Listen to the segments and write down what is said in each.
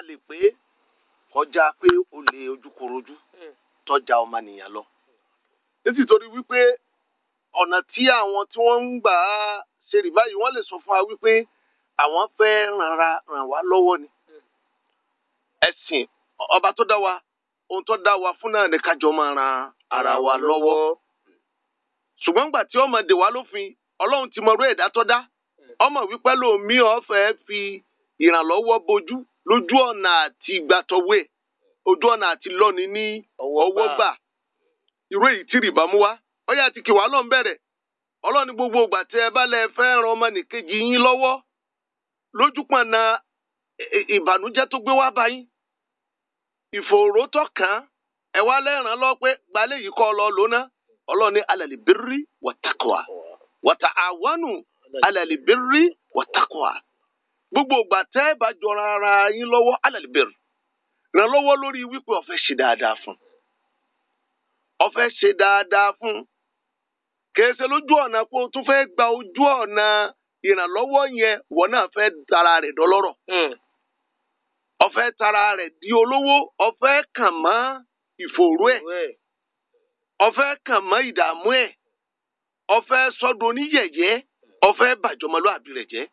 a lè pé kọjá pé o lè ojúkorojú hmm. tọ́jà ọmọnìyàn lọ. nítorí torí wípé ọ̀nà tí àwọn tí wọ́n ń gbà á ṣe rí báyìí wọ́n lè sọ fún wa wípé àwọn fẹ́ ràn wá lọ́wọ́ ni. Hmm. ẹ̀sìn ọba tó dá wa ohun tó dá wa fún náà ni kájọ máa ran ara wa lọ́wọ́. ṣùgbọ́n gbà tí ọmọ dè wá lófin ọlọ́run ti mọrú ẹ̀dá tó dá hmm. ọmọ wípé lòmí ọ̀fẹ́ fi ìrànlọ́wọ́ bojú lójú ọ̀nà àti gbatọwe ojú ọ̀nà àti lọ́ni ní ọwọ́ gbà irú èyí tí rìbá mú wá ọyá àti kìwá lọ́n bẹ̀rẹ̀ ọlọ́ni gbogbo ìgbà tẹ́ ẹ bá lẹ fẹ́ ran ọmọnìkejì yín lọ́wọ́ lójúpọ̀n ìbànújẹ́ tó gbé wá bá ẹ wá lẹ́ràn lọ pé gbalẹ̀ yìí kọ́ lọ lóná ọlọ́ni gbogbo ìgbà tẹ́ ẹ bá jọra ara yín lọ́wọ́ alẹ́lẹ́bẹ̀rẹ̀ ràn lórí wípé ọ̀fẹ́ ṣe dáadáa fún ọ̀fẹ́ ṣe dáadáa fún kìí ṣe lójú ọ̀nà o tún fẹ́ gba ojú ọ̀nà ìrànlọ́wọ́ yẹn wọ́n tara rẹ̀ hmm. ọ̀fẹ́ tara rẹ̀ di olówó ọ̀fẹ́ kàn mọ́ ìfòòró ẹ̀ ọ̀fẹ́ kàn mọ́ ìdààmú ẹ̀ ọ̀fẹ́ oníyẹ̀yẹ́ ọ̀fẹ́ bàjọ́mọlúàbí rẹ̀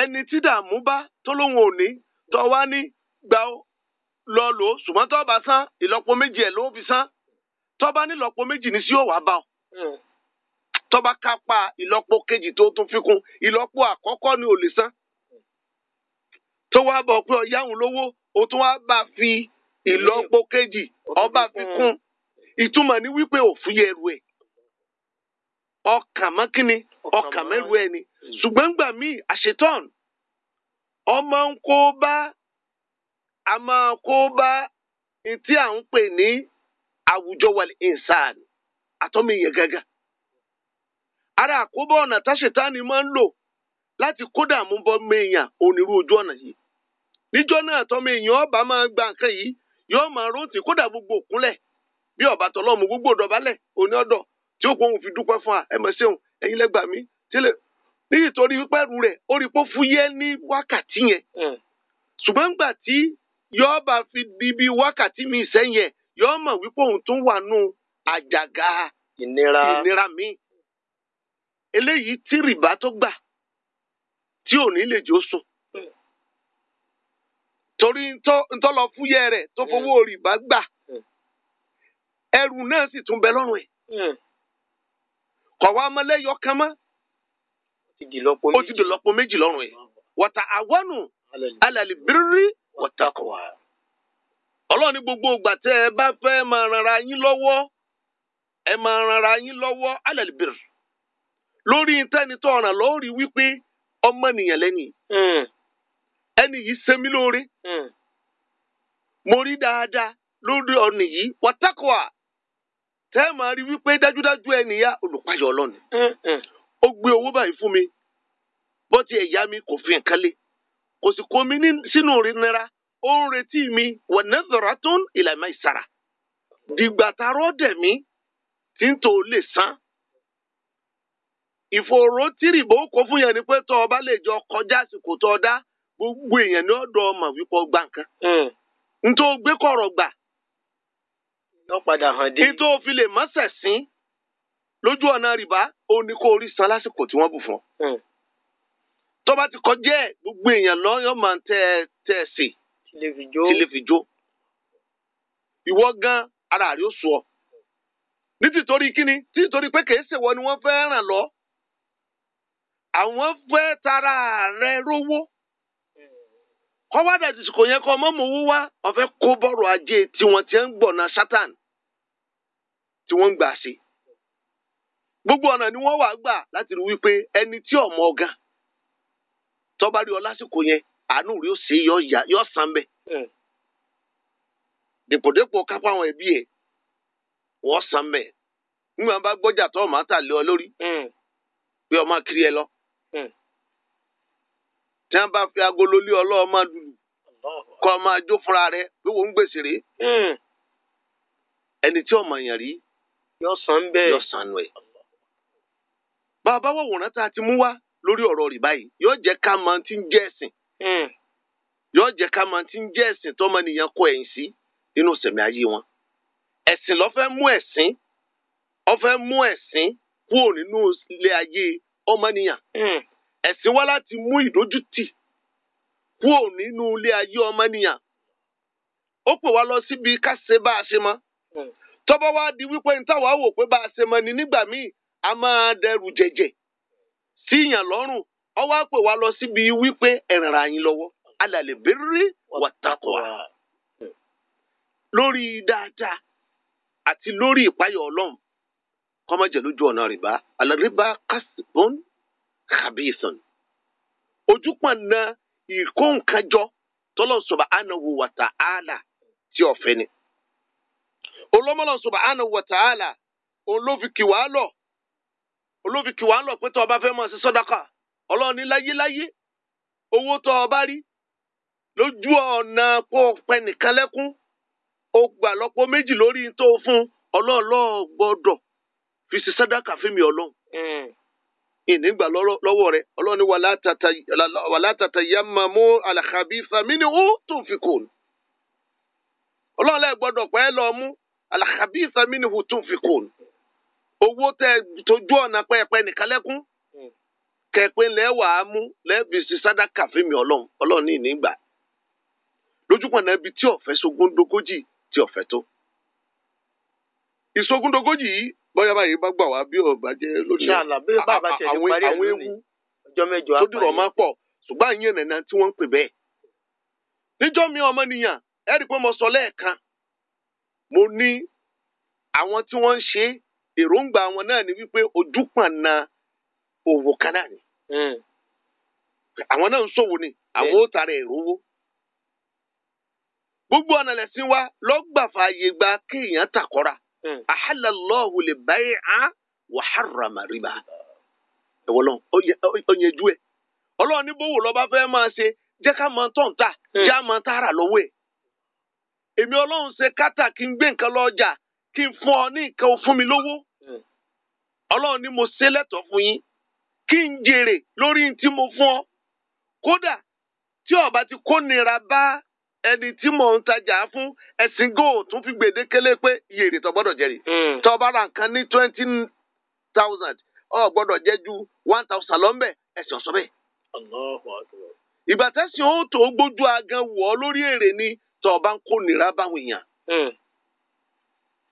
ẹni tí dààmú bá tó lóun ò ní tó wá ní gbà ó lọ lò ó ṣùgbọ́n tó bá san ìlọ́po méjì ẹ̀ ló fi san tó bá nílọ́po méjì ní sí ò wá bá ọ. Hmm. tó bá kápá ìlọ́po kejì tó tún fi kún ìlọ́po àkọ́kọ́ ni ò lè san. tó wá bọ̀ pé ọ̀yá òun lówó o tún wá bá fi ìlọ́po kejì hmm. ọba fi kún ìtumọ̀ ni wípé òfin yẹn rú ẹ̀. ọkà mọ́ ọkà ọkàn mẹ́rù ẹni ṣùgbọ́n gbà míì àṣetán ọmọ ń kó bá a máa kó bá etí à ń pè ní àwùjọ wal insan àtọ́mìyẹ gẹ́gẹ́ ara àkóbá ọ̀nà táṣetáni máa ń lò láti kódà mú bọ́ mẹ́yàn onírú ojú ọ̀nà yìí níjọ́ náà tọ́mọ èèyàn ọba máa gba nǹkan yìí yóò máa rántí kódà gbogbo òkúnlẹ̀ bí ọba tọlọ́mù gbogbo dọ̀bálẹ̀ òní ọ̀dọ̀ tí ó kó òun fi dúpẹ́ fún wa ẹ mọ̀ ṣeun ẹ̀yin lẹ́gbà mí tẹ́lẹ̀ níyì torí wípé ẹrù rẹ̀ ó rí pé fúyẹ́ ní wákàtí yẹn hmm. ṣùgbọ́n gbà tí yọ́ọ́ bá fi di bí wákàtí mi sẹ́yìn ẹ̀ yọ́ọ́ mọ̀ wípé òun tún wà nù àjàgà ìnira ìnira mi eléyìí tí rìbá tó gbà tí ò ní lè jó sùn hmm. torí ntọ́ lọ fúyẹ́ rẹ̀ tó hmm. fowó rìbá gbà ẹrù náà sì tún bẹ lọ́rùn ẹ̀. kọ̀wá ọmọlẹ́yọ kan mọ́ ó ti dìlọ́pọ̀ méjì lọ́rùn ẹ̀ wọ́tà àwọnù alàlìbírí wọ́tà kọ̀wá. ọlọ́run gbogbo ìgbà tẹ́ ẹ bá fẹ́ máa ranra yín lọ́wọ́ ẹ e máa ranra yín lọ́wọ́ alàlìbírí lórí tẹ́ni tó ọ̀ràn lórí wípé ọmọnìyàn lẹ́ni ẹni hmm. yìí ṣe mí lóore hmm. mo rí dáadáa lórí ọ̀nì yìí wọ́tà kọ̀wá. tẹ́ ẹ̀ máa rí wípé dájúdájú ẹnìyà olùpayọ̀ ọlọ́ni ó gbé owó báyìí fún mi bó ti ẹ̀yà mi kò fi nǹkan lé kò sì kó mi sínú ìrìnnira ó ń retí mi wọ̀nà zọ̀rọ̀ tó ń ìlànà ìsara dìgbà tarọ́ dẹ̀ mí tí ń tò lè san ìfòòró tìrìbó kó fún yẹn ni pé tọ́ ọba lè jọ kọjá àsìkò tọ́ ọ dá gbogbo èèyàn ní ọ̀dọ̀ ọmọ wípé ọgbà nǹkan n tó gbé kọrọ gbà yóò padà hàn dé. nítorí o fi lè má ṣẹ̀sìn lójú ọ̀nà rìbá ó ní kó orí san lásìkò tí wọ́n bù fún ọ. Hmm. tó bá ti kọjá ẹ̀ gbogbo èèyàn lọ yóò máa tẹ tẹ ẹ sí. tí lè fi jó. ìwọ gan ara rẹ ó sọ ọ. ní tìtorí kíni tìtorí pé kèé ṣèwọ ni wọ́n fẹ́ ràn lọ. àwọn fẹ́ tara rẹ rówó kọ́ wá dàdí sìkò yẹn kọ́ ọmọ mòwú wá ọ̀fẹ́ kó bọ́ọ̀rọ̀ ajé tiwọn tiẹ̀ ń gbọ̀nà sátán tí wọ́n ń gbà ṣe. gbogbo ọ̀nà ni wọ́n wà gbà láti rí wípé ẹni tí ọmọ ọ̀gá tọ́ba rí ọ lásìkò yẹn àánú rí ó ṣe yọ san bẹ́ẹ̀. dèpòdépò kápá àwọn ẹbí ẹ̀ wọ́n san bẹ́ẹ̀. nígbà bá gbọ́jà tó ọmọ àtàlẹ́ ọ lórí hmm. pé ọmọ kiri ẹ lọ. Hmm. tí wọ́n bá fi agolo lé ọlọ́ọ̀ máa lulù kọ́ ọ máa jó fúnra rẹ bí wọ́n ń gbèsè rè hmm. ẹni tí ọmọ yẹn rí yọ san bẹ́ẹ̀ yọ san nù bàbá wò wòrán tá a ti mú wá lórí ọ̀rọ̀ rì báyìí yóò jẹ́ ká máa ti ń jẹ́ ẹ̀sìn hmm. yóò jẹ́ ká máa ti ń jẹ́ ẹ̀sìn tọ́mọnìyàn kọ ẹ̀yìn sí nínú sẹ̀mí ayé wọn ẹ̀sìn ló fẹ́ mú ẹ̀sìn ó mú ẹ̀sìn kúrò nínú ilé ayé ọmọnìyàn. Hmm. ẹ̀sìn wá láti mú ìdójútì kúò nínú ilé ayé ọmọnìyàn ó pè wá lọ síbi ká ṣe bá a ṣe mọ́ hmm. tọ́bọ̀ wá di wípé ní táwa wò pé bá a ṣe mọ́ ni nígbà míì a máa dẹrù jẹ̀jẹ̀ sí ìyàn lọ́rùn ó wá pè wá lọ síbi wípé ẹ̀ràn àyìn lọ́wọ́ alàlẹ̀ bẹ́rẹ̀ wàtàkùn lórí dáadáa àti lórí ìpáyọ̀ ọlọ́run kọ́mọ̀jẹ̀ lójú ọ̀nà rìbá alàrìbá kásìbọ́n khabithun ojú pọnà ìkóǹkanjọ tọlọ subhanahu wa ta'ala tí ọfẹ ni olómọlọ subhanahu wa ta'ala olófikiwá lọ olófikiwá lọ pé tó o bá fẹ́ mọ̀ sí sọ́dákà ọlọ́ọ̀ni láyéláyé owó tó o bá rí lójú ọ̀nà kó o pẹ nìkan lẹ́kún o gbà lọ́pọ̀ méjì lórí tó fún ọlọ́ọ̀lọ́ gbọ́dọ̀ fi sí sọ́dákà fún mi ọlọ́run. Hmm ìnígbà lọ́wọ́ rẹ̀ ọlọ́ni wàlá tata yamma mú al-khabitha minhu tunfikun. ọlọ́ọ̀lẹ́ gbọ́dọ̀ pẹ́ lọ mú al-khabitha minhu tunfikun. owó tẹ tójú ọ̀nà pẹ́ẹ́pẹ́ nìkan lẹ́kún. Hmm. kẹ̀pẹ́ lẹ́wà á mú lẹ́bi sí sádàkà fíìmì ọlọ́run ọlọ́ọ̀ni ìnígbà. lójúpọ̀nà ibi tí ọ̀fẹ́ sogún dogójì tí ọ̀fẹ́ tó. ìsogún dogójì yìí bóyá báyìí bá gbà wá bí ọba jẹ lónìí àwọn àwọn ewu tó dùrọ̀ máa pọ̀ ṣùgbọ́n àyìn ẹ̀nà tí wọ́n ń pè bẹ́ẹ̀. níjọ́ mi ọmọnìyàn ẹ rí i pé mo sọ lẹ́ẹ̀kan mo ní àwọn tí wọ́n ń ṣe èròǹgbà wọn náà ni wípé ojúpọ̀nà òwò kan náà ni hmm. àwọn náà ń ṣòwò ni àwọn ó tara èrò owó gbogbo ọ̀nà lẹ̀sìn wa lọ́gbà fààyè gba kéèyàn tàkọ́ra Hmm. ahalla Allahu al-bay'a wa harrama riba ẹ̀wọ̀n lọ ọ̀yẹ̀jú ẹ̀ ọlọ́run ní bówó lọ́ba fẹ́ máa ṣe jẹ́ ká máa tọ̀ ń tà hmm. jẹ́ á máa tààrà lọ́wọ́ ẹ̀ èmi ọlọ́run ṣe kátà kí n gbé nǹkan lọ́jà kí n fún ọ ní nǹkan fún mi lówó hmm. ọlọ́run ní mo ṣe lẹ́tọ̀ọ́ fún yín kí n jèrè lórí tí mo fún ọ kódà tí ọba ti kó nira bá ẹni tí mò ń tajà fún ẹ̀sìn góò tún fi gbèdékélé pé iye èrè tó gbọ́dọ̀ jẹ́rìí. Hmm. tó bá ra nǹkan ní twenty thousand ó gbọ́dọ̀ jẹ́ ju one thousand lọ́nbẹ̀ ẹ̀sìn ọ̀sọ́ bẹ́ẹ̀. ìgbà tẹ́sí ó tó gbójú agan wọ̀ ọ́ lórí èrè ni tó bá ń kó nira báwọn èèyàn. Hmm.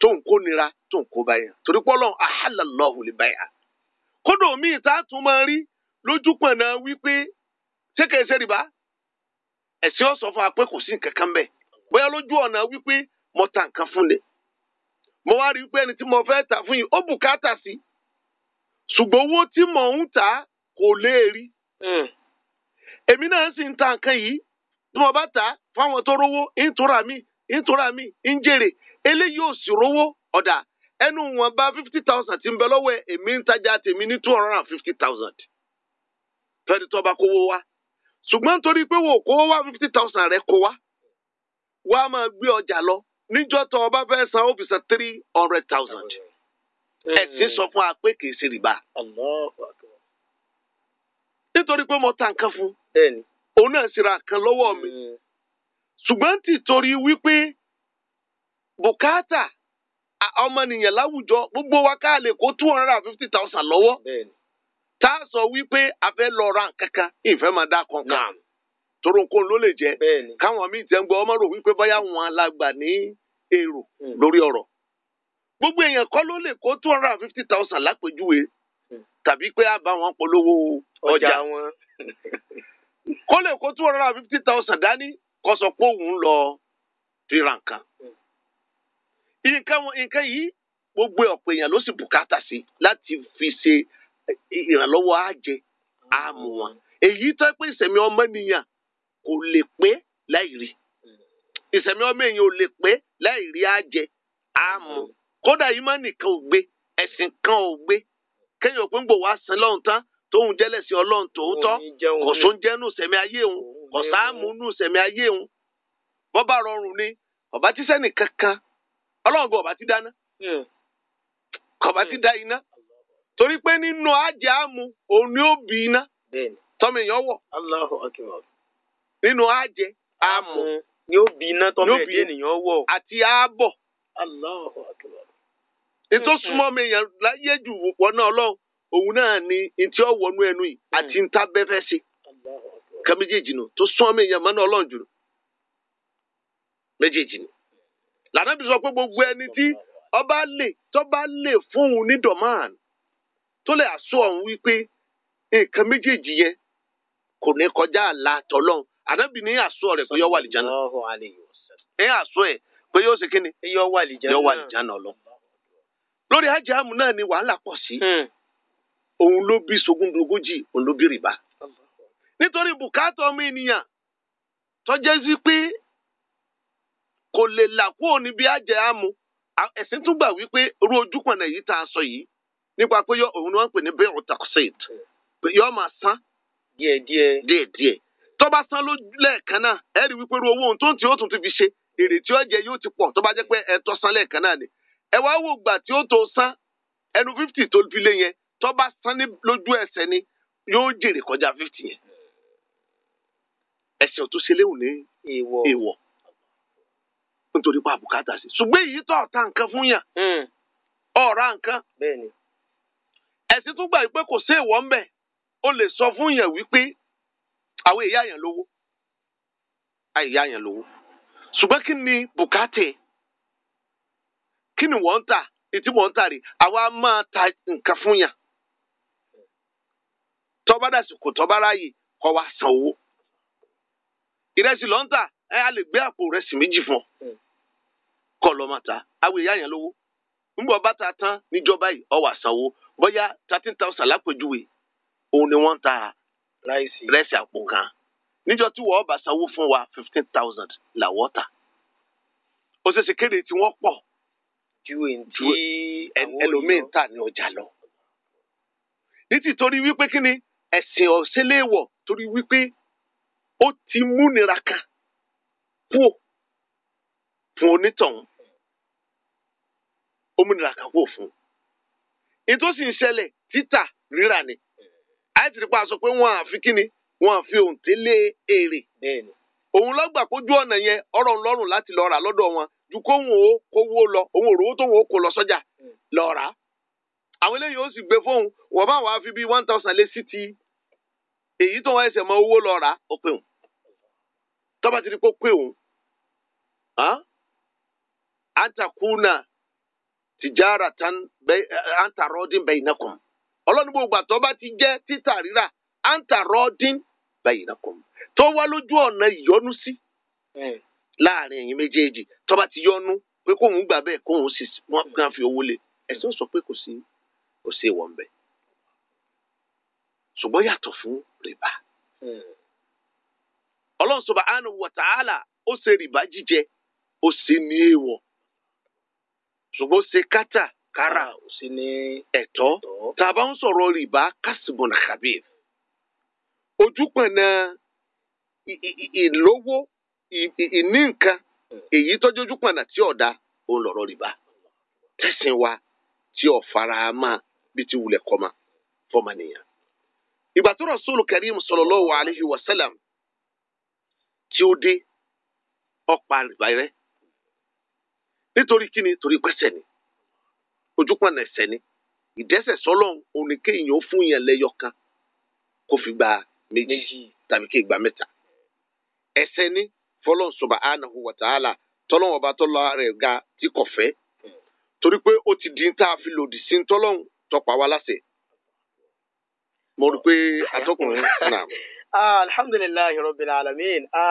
tó ń kó nira tó ń kó báyà torí pọ́lọ́ àhàlàlọ́hùn lè báyà. kódò míì tá a tún máa rí lójúpọ̀nà wípé ṣé kèé ṣe rìbá ẹ̀sìn ọsọfọ fún wa pé kò sí nǹkan kan bẹ́ẹ̀ bóyá lójú ọ̀nà wípé mo ta nkan fún ni mo wá rí i pé ẹni tí mo fẹ́ tà fún yìí ó bùkátà sí ṣùgbọ́n owó tí mò ń ta kò lè rí hmm. èmi náà sì ń ta nǹkan yìí tí mo bá ta fáwọn tó rówó ìtura mi ìtura mi ń jèrè eléyìí ò sì rówó ọ̀dà ẹnu wọn bá fifty thousand ti ń bẹ lọ́wọ́ ẹ̀ èmi ń tajà tèmi ní two hundred and fifty thousand fẹ́ẹ́ tó bá kówó wá ṣùgbọ́n nítorí pé wò kó wá fifty thousand rẹ kó wá wá máa gbé ọjà lọ níjọ́ tó o fẹ́ san ó fi san three hundred thousand ẹ̀sìn sọ fún wa pé kì í ṣe rìbá nítorí pé mo ta nǹkan fún òun náà ṣe ra nǹkan lọ́wọ́ mi hmm. ṣùgbọ́n tí wípé bùkátà ọmọnìyàn láwùjọ gbogbo wa ká lè kó two hundred and fifty thousand lọ́wọ́. tá a sọ wípé a fẹ́ lọ ra kankan ìfẹ́ máa dá kankan toronko ló lè jẹ káwọn míì tẹ́ ń gbọ́ ọmọ rò wípé bóyá wọn alágbà ní èrò hmm. lórí ọ̀rọ̀ gbogbo èèyàn kọ́ ló lè kó two hundred and fifty thousand lápèjúwe hmm. tàbí pé a bá wọn polówó ọjà wọn kó lè kó two hundred and fifty thousand dání kó sọ pé òun lọ fi ra nǹkan hmm. nǹkan yìí gbogbo ọ̀pọ̀ èèyàn ló sì bùkátà sí láti fi ṣe ìrànlọ́wọ́ á jẹ á mú wọn èyí tó pé ìsẹ̀mí ọmọ nìyàn kò lè pé láì rí ìsẹ̀mí ọmọ èèyàn ò lè pé láì rí á jẹ á mú kódà yìí má nìkan ò gbé ẹ̀sìn kan ò gbé kéèyàn ò pé ń gbò wá san lọ́hùn tán tóun jẹ́lẹ̀sí ọlọ́run tòótọ́ kò só ń jẹ́nu sẹ̀mí ayé òun kò sáàmù nù sẹ̀mí ayé òun bọ́ bá rọrùn ni ọ̀bá tí sẹ́nì kankan ọlọ́run gbọ́ ọ̀bá ti dáná hmm. kọ̀bá ti hmm. dá iná torí pé nínú àjàmù òun ni ó bí iná tọmọ èèyàn wọ̀ nínú àjẹ àmù ni ó bí iná tọmọ èdè ènìyàn wọ àti ààbọ ètò súnmọ́ mi èèyàn láyé jù wọ́n náà lọ́hùn òun náà ni ntí ó wọnú ẹnu yìí àti bẹ́ẹ̀ fẹ́ ṣe kàméjèèjì nù tó súnmọ́ mi èèyàn mọ́nà ọlọ́run jù méjèèjì nù lànà bí sọ pé gbogbo ẹni tí ọba lè tọ́ba lè fún un ní dọ̀mán tó lè àṣọ ọ̀hún wípé nǹkan méjèèjì yẹ kò ní kọjá àlà tọ́lọ́hún àdábì ní àṣọ rẹ̀ pé yọ wà lìjánà ẹ àṣọ ẹ̀ pé yóò ṣe kíni yọ wà lìjánà lọ. lórí ajáàmù náà ni wàhálà pọ̀ sí hmm. òun ló bí sogúndogójì òun ló bí rìbá nítorí bùkátà ọmọ ènìyàn tọ́jẹ́ sí pé kò lè là níbi ajáàmù ẹ̀sìn tún gbà wípé irú ojúpọ̀nà yìí tá a sọ yìí nípa pé yọ òun ni wọ́n pè ní bẹ́ẹ̀ san díẹ̀díẹ̀ díẹ̀díẹ̀ san ló náà ẹ wípé ohun tó ń tì ó ti fi ṣe èrè tí ó jẹ yóò ti pọ tó bá pé san lẹ́ẹ̀kan náà ni ẹ wá wò gbà tí ó tó san ẹnu fifty tó fi lé yẹn san ní lójú ni yóò jèrè kọjá fifty yẹn ẹsẹ̀ tó ṣe léwu ní èèwọ̀ nítorí àbùkátà sí ṣùgbọ́n èyí nǹkan fún yàn hmm. ọ̀ra nǹkan ẹ̀sìn tún gbà wípé kò sí èèwọ̀ ńbẹ̀ o lè sọ fún yẹn wípé àwọn ìyá yẹn lówó àìyá yẹn lówó ṣùgbọ́n kí ni bùkátì kí ni wọ́n ń tà ètí wọ́n ń tà rè àwa máa ta nǹkan fún yàn tọ́ba dàsí kò tọ́ba ráàyè kọ́ wa san owó ìrẹsì ló ń tà ẹ a lè gbé àpò ìrẹsì méjì fún ọ kọ́ lọ́ọ́ máa ta àwọn ìyá yẹn lówó ńgbọ́ bá ta tán níjọba yìí ọ wà sanwó bóyá thirteen thousand lápèjúwe òun ni wọ́n ń ta rẹ́sì àpò kan níjọ́ tí wọ́n bá sanwó fún wa fifteen thousand làwọ́ ta ó ṣeéṣe kéde tí wọ́n pọ̀ ju ẹlòmíín tà ní ọjà lọ nítorí wípé kí ni ẹ̀sìn ọ̀sẹ́lẹ̀wọ̀ torí wípé ó ti múnira kan kúò fún onítọ̀hún ó múnira kan kúò fún ètò sì ń ṣẹlẹ̀ títà rírà ni àìsí nípa sọ pé wọn àfi kíni wọn àfi òǹtélé èrè òun lọ́gbà kójú ọ̀nà yẹn ọ̀rọ̀ ńlọ́rùn láti lọ rà lọ́dọ̀ wọn ju kóhun ó kówó lọ òun òrówó tóun ó kó lọ sọ́jà hmm. lọ rà á àwọn eléyìí ó sì gbé fóun wọ́n bá wàá fi bíi one thousand lé sí ti èyí tó wọ́n ẹsẹ̀ mọ owó lọ rà ó pé òun tọ́ba ti di pé ó pé àǹtakùnà tìjáratan eh, antarọ́dín bẹ̀yìnàkùn ọlọ́run gbogbo àti ọba ti jẹ́ títà rírà antarọ́dín bẹ̀yìnàkùn tó wá lójú ọ̀nà ìyọnu sí láàrin ẹ̀yin méjèèjì tọ́ba ti yọnu pé kóun gbà bẹ́ẹ̀ kóun sì wọ́n fi owó sọ pé kò sí kò sí ìwọ̀n bẹ́ẹ̀ yàtọ̀ fún rìbá ọlọ́run ṣùgbọ́n ṣe kátà kára ò sí ní ẹ̀tọ́ tàbá ń sọ̀rọ̀ rìbá kásìbọn khabir ojúpọ̀nà ìlówó ìní nǹkan èyí tọ́jú ojúpọ̀nà tí ọ̀dà òun lọ̀rọ̀ rìbá tẹ̀sìn wa tí ò fara máa bí ti wulẹ̀ kọ́má fọmọnìyàn. ìgbà tó Rasulu Karim sallallahu alaihi wa sallam tí ó dé ọ̀pá rìbá rẹ̀ nítorí kíni torí pẹ́sẹ̀ ni ojúpọ̀nà ẹ̀sẹ̀ ni ìdẹ́sẹ̀ sọ́lọ́hún òun ni kéèyàn ó fún yẹn lẹ́yọ kan kó fi gba méjì tàbí kí gba mẹ́ta ẹ̀ṣẹ̀ ni fọlọ́n subhanahu wa ta'ala tọ́lọ́ rẹ̀ ga tí kò fẹ́ torí pé ó ti di ń tá a fi lòdì sí tọ́lọ́hún tọpa wa láṣẹ. mo rí i pé atọ́kùnrin náà. Ah, alhamdulillahi rabbil alamin. Ah.